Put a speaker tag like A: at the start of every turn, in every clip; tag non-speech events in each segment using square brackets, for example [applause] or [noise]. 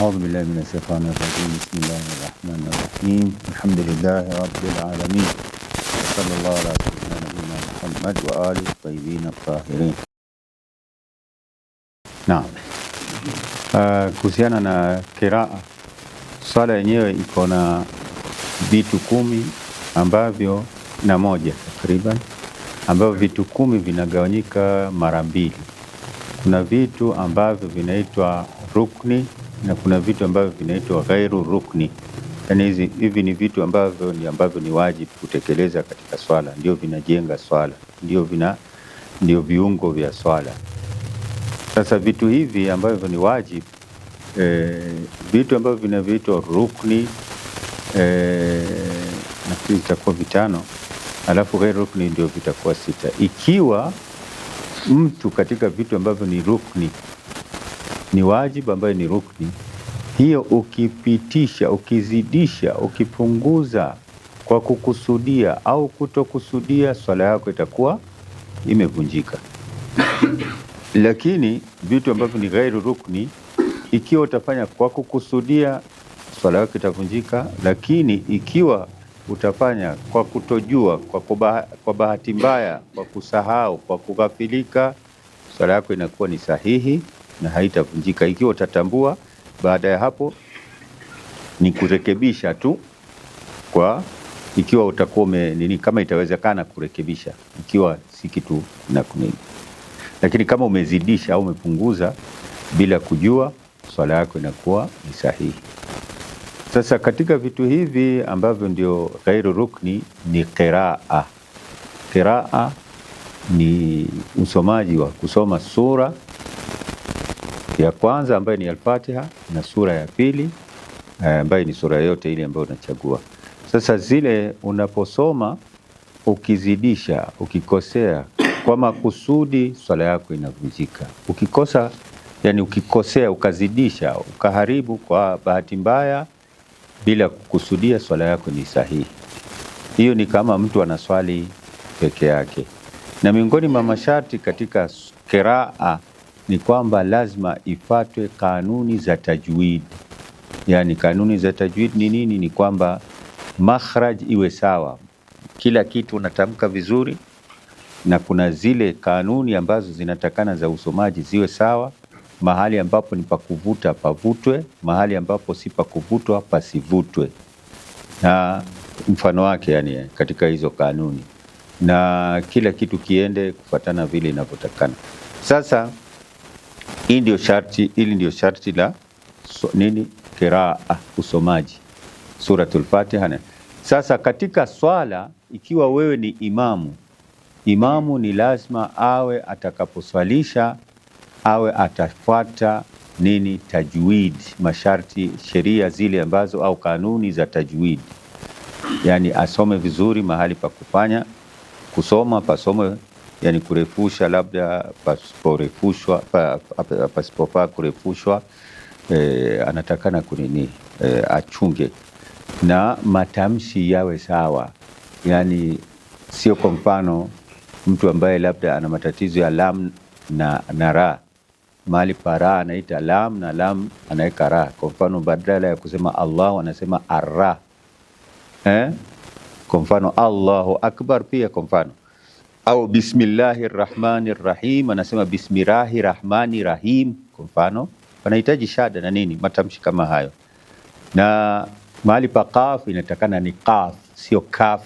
A: Euzubillahimineşşeytanirracim. Bismillahirrahmanirrahim. Elhamdülillahi Rabbil alemin. Sallallahu ala seyyidina Muhammed ve alihi tayyibin tahirin. Naam. Kuhusiana na kiraa, swala yenyewe iko na vitu kumi ambavyo na moja takriban, ambavyo vitu kumi vinagawanyika mara mbili. Kuna vitu ambavyo vinaitwa rukni na kuna vitu ambavyo vinaitwa ghairu rukni, yani hizi hivi ni vitu ambavyo ni ambavyo ni wajibu kutekeleza katika swala, ndio vinajenga swala, ndio vina ndio viungo vya swala. Sasa vitu hivi ambavyo ni wajibu e, vitu ambavyo vinavyoitwa rukni e, nafikiri vitakuwa vitano, alafu ghairu rukni ndio vitakuwa sita, ikiwa mtu katika vitu ambavyo ni rukni ni wajibu ambayo ni rukni. Hiyo ukipitisha, ukizidisha, ukipunguza kwa kukusudia au kutokusudia, swala yako itakuwa imevunjika. [coughs] Lakini vitu ambavyo ni ghairu rukni, ikiwa utafanya kwa kukusudia, swala yako itavunjika. Lakini ikiwa utafanya kwa kutojua, kwa, kubaha, kwa bahati mbaya, kwa kusahau, kwa kughafilika, swala yako inakuwa ni sahihi na haitavunjika. Ikiwa utatambua baada ya hapo ni kurekebisha tu kwa ikiwa utakuwa nini, kama itawezekana kurekebisha, ikiwa si kitu na lakini kama umezidisha au umepunguza bila kujua, swala yako inakuwa ni sahihi. Sasa katika vitu hivi ambavyo ndio ghairu rukni ni qiraa. Qiraa ni usomaji wa kusoma sura ya kwanza ambayo ni Alfatiha na sura ya pili eh, ambayo ni sura yote ile ambayo unachagua. Sasa zile unaposoma ukizidisha, ukikosea kwa makusudi, swala yako inavunjika. Ukikosa yani, ukikosea ukazidisha, ukaharibu kwa bahati mbaya bila kukusudia, swala yako ni sahihi. Hiyo ni kama mtu anaswali peke yake. Na miongoni mwa masharti katika keraa ni kwamba lazima ifatwe kanuni za tajwid. yani kanuni za tajwid ni nini? Ni kwamba makhraj iwe sawa, kila kitu unatamka vizuri, na kuna zile kanuni ambazo zinatakana za usomaji ziwe sawa. Mahali ambapo ni pakuvuta pavutwe, mahali ambapo si pakuvutwa pasivutwe, na mfano wake yani katika hizo kanuni, na kila kitu kiende kufatana vile inavyotakana. Sasa hii ndio sharti, hili ndio sharti la so, nini qiraa, usomaji Suratul Fatiha. Sasa katika swala, ikiwa wewe ni imamu, imamu ni lazima awe atakaposwalisha awe atafuata nini tajwid, masharti, sheria zile ambazo au kanuni za tajwid, yani asome vizuri mahali pa kufanya kusoma pasome yani kurefusha labda pasiporefushwa pasipofaa kurefushwa e, anatakana kunini e, achunge na matamshi yawe sawa, yani sio kwa mfano mtu ambaye labda ana matatizo ya lam na, na ra mahali pa ra anaita lam na lam anaweka ra. Kwa mfano badala ya kusema Allahu anasema arra eh? Kwa mfano Allahu akbar pia kwa mfano au bismillahi rahmani rahim, anasema bismirahi rahmani rahim kwa mfano, wanahitaji shada na nini, matamshi kama hayo. Na mahali pa qaf inatakana ni qaf, sio kaf.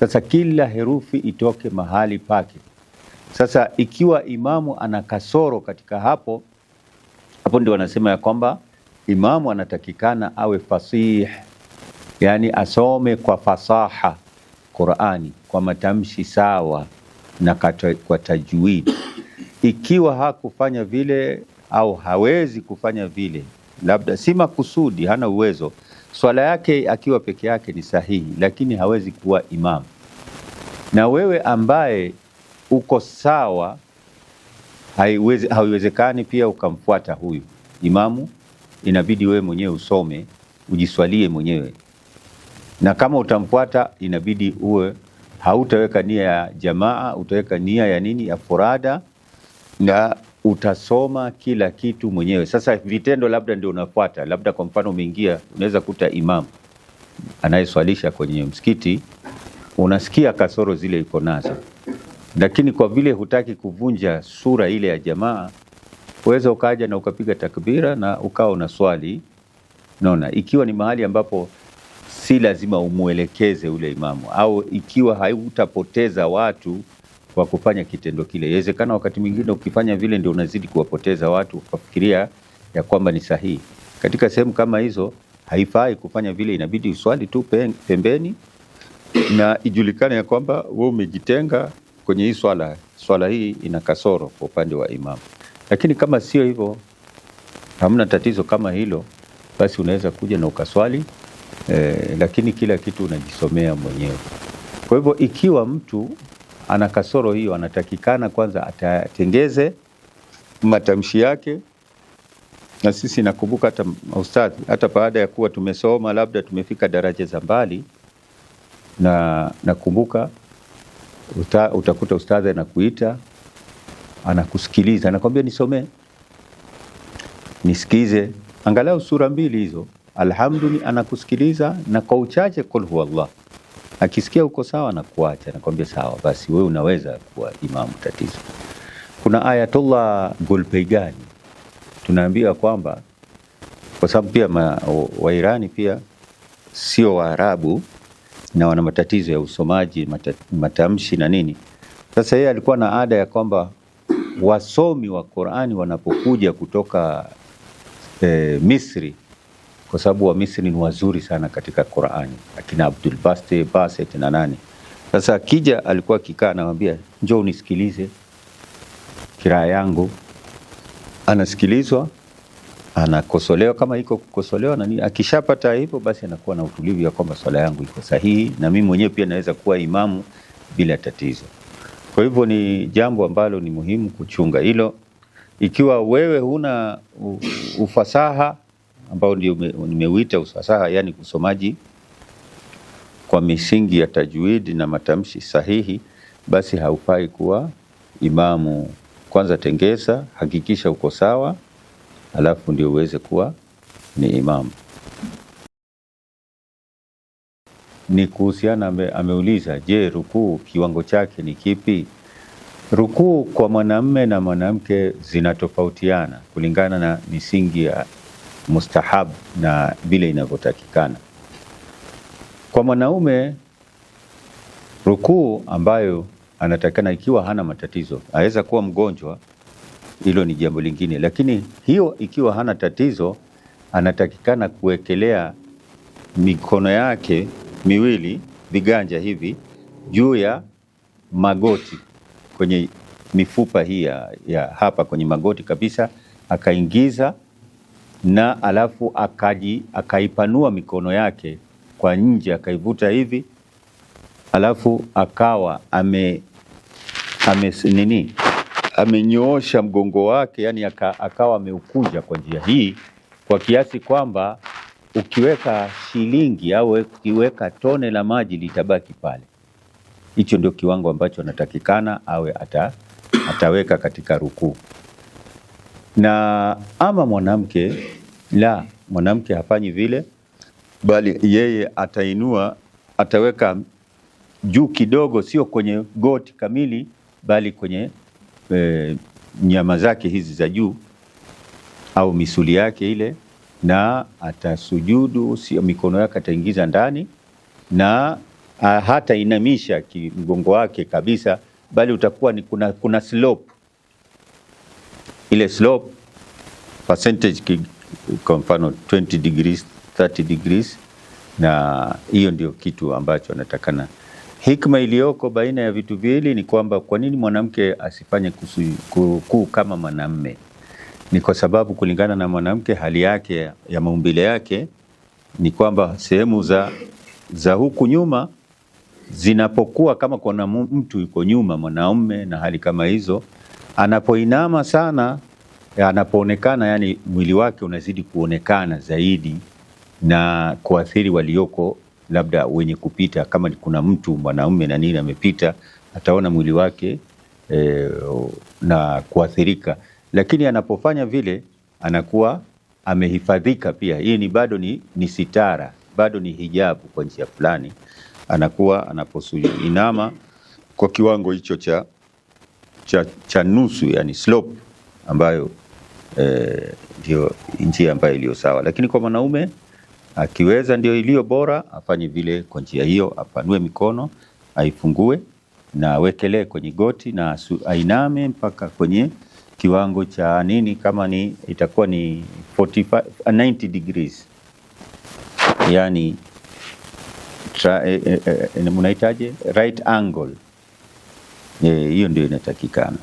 A: Sasa kila herufi itoke mahali pake. Sasa ikiwa imamu ana kasoro katika hapo, hapo ndio wanasema ya kwamba imamu anatakikana awe fasih, yani asome kwa fasaha Qur'ani kwa matamshi sawa na kata, kwa tajwidi. Ikiwa hakufanya vile au hawezi kufanya vile, labda si makusudi, hana uwezo, swala yake akiwa peke yake ni sahihi, lakini hawezi kuwa imamu. Na wewe ambaye uko sawa, haiwezi haiwezekani pia ukamfuata huyu imamu. Inabidi wewe mwenyewe usome, ujiswalie mwenyewe na kama utamfuata inabidi uwe hautaweka nia ya jamaa, utaweka nia ya nini, ya furada, na utasoma kila kitu mwenyewe. Sasa vitendo labda ndio unafuata, labda kwa mfano umeingia, unaweza kuta imam anayeswalisha kwenye msikiti, unasikia kasoro zile iko nazo, lakini kwa vile hutaki kuvunja sura ile ya jamaa, uweza ukaja na ukapiga takbira na ukawa unaswali. Naona ikiwa ni mahali ambapo si lazima umwelekeze ule imamu, au ikiwa hautapoteza watu kwa kufanya kitendo kile. Inawezekana wakati mwingine ukifanya vile ndio unazidi kuwapoteza watu kafikiria ya kwamba ni sahihi. Katika sehemu kama hizo haifai kufanya vile, inabidi uswali tu pembeni na ijulikane ya kwamba wewe umejitenga kwenye hii swala, swala hii ina kasoro kwa upande wa imamu. Lakini kama sio hivyo, hamna tatizo kama hilo, basi unaweza kuja na ukaswali. Eh, lakini kila kitu unajisomea mwenyewe. Kwa hivyo ikiwa mtu ana kasoro hiyo, anatakikana kwanza atatengeze matamshi yake, na sisi nakumbuka hata maustadhi, hata baada ya kuwa tumesoma labda tumefika daraja za mbali, na nakumbuka uta, utakuta ustadhi anakuita anakusikiliza, anakwambia nisomee, nisikize angalau sura mbili hizo alhamduni anakusikiliza na kwa uchache kul huwa Allah. Akisikia uko sawa anakuacha, anakwambia sawa, basi wewe unaweza kuwa imamu. Tatizo kuna Ayatullah Golpeigani tunaambia kwamba kwa sababu pia Wairani pia sio Waarabu na wana matatizo ya usomaji mata, matamshi na nini. Sasa yeye alikuwa na ada ya kwamba wasomi wa Qur'ani wanapokuja kutoka eh, Misri kwa sababu Wamisri ni wazuri sana katika Qurani, akina Abdul Baste Baset na nani. Sasa akija alikuwa akikaa anamwambia, njoo unisikilize kiraa yangu, anasikilizwa anakosolewa kama iko kukosolewa nani. Akishapata hivyo basi, anakuwa na utulivu ya kwamba swala yangu iko sahihi na mimi mwenyewe pia naweza kuwa imamu bila tatizo. Kwa hivyo ni jambo ambalo ni muhimu kuchunga hilo. Ikiwa wewe huna ufasaha ambao ndio nimeuita ufasaha, yani usomaji kwa misingi ya tajwidi na matamshi sahihi, basi haufai kuwa imamu. Kwanza tengeza, hakikisha uko sawa, alafu ndio uweze kuwa ni imamu. Ni kuhusiana ame, ameuliza je, rukuu kiwango chake ni kipi? Rukuu kwa mwanamme na mwanamke zinatofautiana kulingana na misingi ya mustahab na vile inavyotakikana. Kwa mwanaume rukuu ambayo anatakikana ikiwa hana matatizo, aweza kuwa mgonjwa, hilo ni jambo lingine, lakini hiyo ikiwa hana tatizo, anatakikana kuwekelea mikono yake miwili, viganja hivi juu ya magoti kwenye mifupa hii ya hapa kwenye magoti kabisa, akaingiza na alafu akaji akaipanua mikono yake kwa nje akaivuta hivi, alafu akawa ame, ame nini amenyoosha mgongo wake yani aka, akawa ameukunja kwa njia hii kwa kiasi kwamba ukiweka shilingi au ukiweka tone la maji litabaki pale. Hicho ndio kiwango ambacho anatakikana awe ata, ataweka katika rukuu na ama mwanamke la mwanamke hafanyi vile, bali yeye atainua, ataweka juu kidogo, sio kwenye goti kamili, bali kwenye e, nyama zake hizi za juu au misuli yake ile, na atasujudu, sio mikono yake ataingiza ndani, na hatainamisha mgongo wake kabisa, bali utakuwa ni kuna, kuna slope ile slope percentage kwa mfano 20 degrees 30 degrees, na hiyo ndio kitu ambacho anatakana. Hikma iliyoko baina ya vitu viwili ni kwamba kwa nini mwanamke asifanye kuukuu kama mwanamme? Ni kwa sababu kulingana na mwanamke hali yake ya maumbile yake ni kwamba sehemu za, za huku nyuma zinapokuwa kama kuna mtu yuko nyuma mwanaume na hali kama hizo Anapoinama sana, eh, anapoonekana, yani mwili wake unazidi kuonekana zaidi na kuathiri walioko labda wenye kupita, kama kuna mtu mwanaume na nini amepita, ataona mwili wake e, na kuathirika. Lakini anapofanya vile anakuwa amehifadhika pia. Hii ni bado ni, ni sitara bado ni hijabu kwa njia fulani, anakuwa inama kwa kiwango hicho cha cha, cha nusu yani slope ambayo eh, ndio eh, njia ambayo iliyo sawa, lakini kwa mwanaume akiweza ndio iliyo bora, afanye vile kwa njia hiyo, apanue mikono aifungue na awekelee kwenye goti na ainame mpaka kwenye kiwango cha nini, kama ni itakuwa ni 45, 90 degrees yani eh, eh, mnaitaje, right angle Eh, hiyo ndio inatakikana.